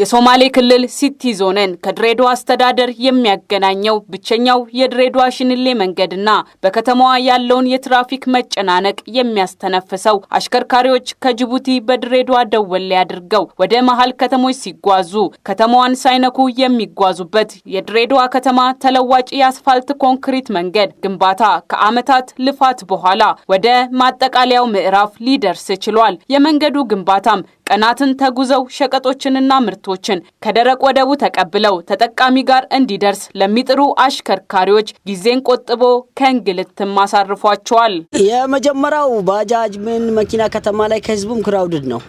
የሶማሌ ክልል ሲቲ ዞንን ከድሬዳዋ አስተዳደር የሚያገናኘው ብቸኛው የድሬዳዋ ሽንሌ መንገድና በከተማዋ ያለውን የትራፊክ መጨናነቅ የሚያስተነፍሰው አሽከርካሪዎች ከጅቡቲ በድሬዳዋ ደወሌ አድርገው ወደ መሀል ከተሞች ሲጓዙ ከተማዋን ሳይነኩ የሚጓዙበት የድሬዳዋ ከተማ ተለዋጭ የአስፋልት ኮንክሪት መንገድ ግንባታ ከዓመታት ልፋት በኋላ ወደ ማጠቃለያው ምዕራፍ ሊደርስ ችሏል። የመንገዱ ግንባታም ቀናትን ተጉዘው ሸቀጦችንና ምርቶ ምርቶችን ከደረቅ ወደቡ ተቀብለው ተጠቃሚ ጋር እንዲደርስ ለሚጥሩ አሽከርካሪዎች ጊዜን ቆጥቦ ከእንግልትም አሳርፏቸዋል። የመጀመሪያው ባጃጅ ምን መኪና ከተማ ላይ ከህዝቡም ክራውድድ ነው።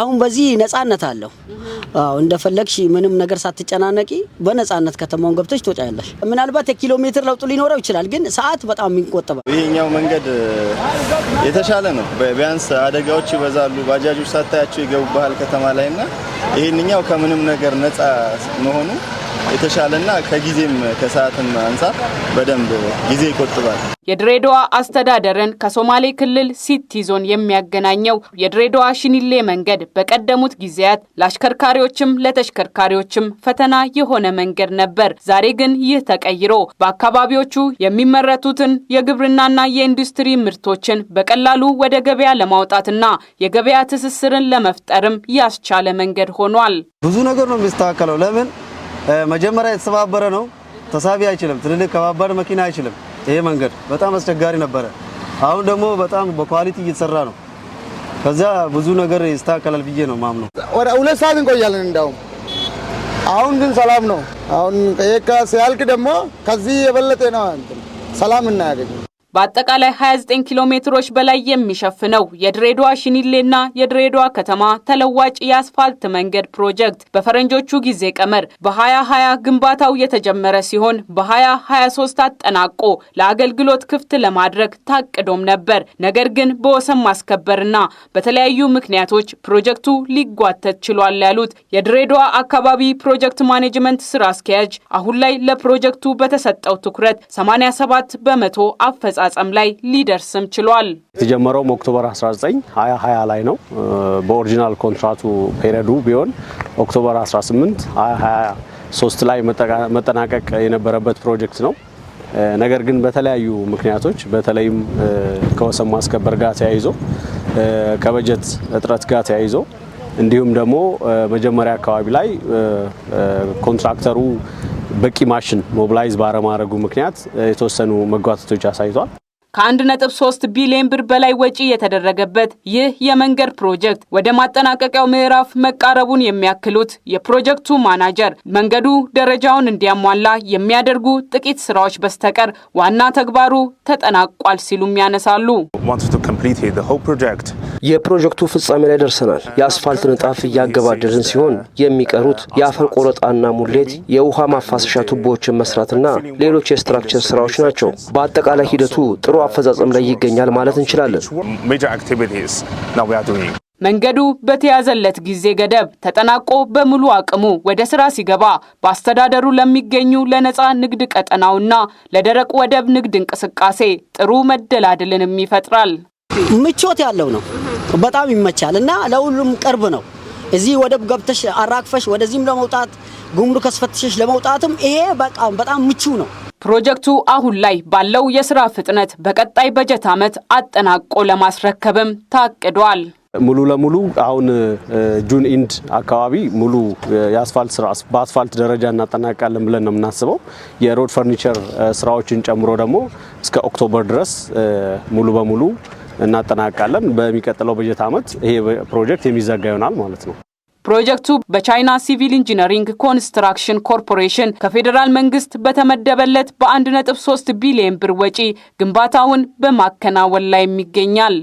አሁን በዚህ ነጻነት አለው። እንደፈለግሽ ምንም ነገር ሳትጨናነቂ በነጻነት ከተማውን ገብተች ትወጫያለሽ። ምናልባት የኪሎ ሜትር ለውጡ ሊኖረው ይችላል፣ ግን ሰዓት በጣም ይቆጥባል። ይሄኛው መንገድ የተሻለ ነው። ቢያንስ አደጋዎች ይበዛሉ። ባጃጆች ሳታያቸው ባህል ከተማ ላይ እና ይህንኛው ከምንም ነገር ነፃ መሆኑ የተሻለና ከጊዜም ከሰዓትም አንጻር በደንብ ጊዜ ይቆጥባል። የድሬዳዋ አስተዳደርን ከሶማሌ ክልል ሲቲ ዞን የሚያገናኘው የድሬዳዋ ሽኒሌ መንገድ በቀደሙት ጊዜያት ለአሽከርካሪዎችም ለተሽከርካሪዎችም ፈተና የሆነ መንገድ ነበር። ዛሬ ግን ይህ ተቀይሮ በአካባቢዎቹ የሚመረቱትን የግብርናና የኢንዱስትሪ ምርቶችን በቀላሉ ወደ ገበያ ለማውጣትና የገበያ ትስስርን ለመፍጠርም ያስቻለ መንገድ ሆኗል። ብዙ ነገር ነው የሚስተካከለው ለምን መጀመሪያ የተሰባበረ ነው። ተሳቢ አይችልም። ትልልቅ ከባባድ መኪና አይችልም። ይሄ መንገድ በጣም አስቸጋሪ ነበረ። አሁን ደግሞ በጣም በኳሊቲ እየተሰራ ነው። ከዛ ብዙ ነገር ይስተካከላል ብዬ ነው ማምነው። ወደ ሁለት ሰዓት እንቆያለን እንዳውም። አሁን ግን ሰላም ነው። አሁን ሲያልቅ ደግሞ ከዚህ የበለጠ ነው ሰላም እናያገኘው በአጠቃላይ 29 ኪሎ ሜትሮች በላይ የሚሸፍነው የድሬዳዋ ሽኒሌና የድሬዳዋ ከተማ ተለዋጭ የአስፋልት መንገድ ፕሮጀክት በፈረንጆቹ ጊዜ ቀመር በ2020 ግንባታው የተጀመረ ሲሆን በ2023 አጠናቆ ለአገልግሎት ክፍት ለማድረግ ታቅዶም ነበር። ነገር ግን በወሰን ማስከበርና በተለያዩ ምክንያቶች ፕሮጀክቱ ሊጓተት ችሏል ያሉት የድሬዳዋ አካባቢ ፕሮጀክት ማኔጅመንት ስራ አስኪያጅ አሁን ላይ ለፕሮጀክቱ በተሰጠው ትኩረት 87 በመቶ አፈጻ አፈጻጸም ላይ ሊደርስም ችሏል። የተጀመረውም ኦክቶበር 19 2020 ላይ ነው። በኦሪጂናል ኮንትራቱ ፔሪዱ ቢሆን ኦክቶበር 18 2023 ላይ መጠናቀቅ የነበረበት ፕሮጀክት ነው። ነገር ግን በተለያዩ ምክንያቶች በተለይም ከወሰን ማስከበር ጋር ተያይዞ ከበጀት እጥረት ጋር ተያይዞ እንዲሁም ደግሞ መጀመሪያ አካባቢ ላይ ኮንትራክተሩ በቂ ማሽን ሞብላይዝ ባለማድረጉ ምክንያት የተወሰኑ መጓተቶች አሳይቷል። ከአንድ ነጥብ ሶስት ቢሊዮን ብር በላይ ወጪ የተደረገበት ይህ የመንገድ ፕሮጀክት ወደ ማጠናቀቂያው ምዕራፍ መቃረቡን የሚያክሉት የፕሮጀክቱ ማናጀር መንገዱ ደረጃውን እንዲያሟላ የሚያደርጉ ጥቂት ስራዎች በስተቀር ዋና ተግባሩ ተጠናቋል ሲሉም ያነሳሉ። የፕሮጀክቱ ፍጻሜ ላይ ደርሰናል። የአስፋልት ንጣፍ እያገባደድን ሲሆን የሚቀሩት የአፈር ቆረጣና ሙሌት፣ የውሃ ማፋሰሻ ቱቦዎችን መስራትና ሌሎች የስትራክቸር ስራዎች ናቸው። በአጠቃላይ ሂደቱ ጥሩ አፈጻጸም ላይ ይገኛል ማለት እንችላለን። መንገዱ በተያዘለት ጊዜ ገደብ ተጠናቆ በሙሉ አቅሙ ወደ ስራ ሲገባ በአስተዳደሩ ለሚገኙ ለነፃ ንግድ ቀጠናውና ለደረቅ ወደብ ንግድ እንቅስቃሴ ጥሩ መደላድልንም ይፈጥራል። ምቾት ያለው ነው። በጣም ይመቻል እና ለሁሉም ቅርብ ነው። እዚህ ወደብ ገብተሽ አራክፈሽ ወደዚህም ለመውጣት ጉምሩክ አስፈትሸሽ ለመውጣትም ይሄ በጣም በጣም ምቹ ነው። ፕሮጀክቱ አሁን ላይ ባለው የስራ ፍጥነት በቀጣይ በጀት ዓመት አጠናቆ ለማስረከብም ታቅዷል። ሙሉ ለሙሉ አሁን ጁን ኢንድ አካባቢ ሙሉ የአስፋልት ስራ በአስፋልት ደረጃ እናጠናቃለን ብለን ነው የምናስበው። የሮድ ፈርኒቸር ስራዎችን ጨምሮ ደግሞ እስከ ኦክቶበር ድረስ ሙሉ በሙሉ እናጠናቃለን። በሚቀጥለው በጀት ዓመት ይሄ ፕሮጀክት የሚዘጋ ይሆናል ማለት ነው። ፕሮጀክቱ በቻይና ሲቪል ኢንጂነሪንግ ኮንስትራክሽን ኮርፖሬሽን ከፌዴራል መንግስት በተመደበለት በ1.3 ቢሊዮን ብር ወጪ ግንባታውን በማከናወን ላይ ይገኛል።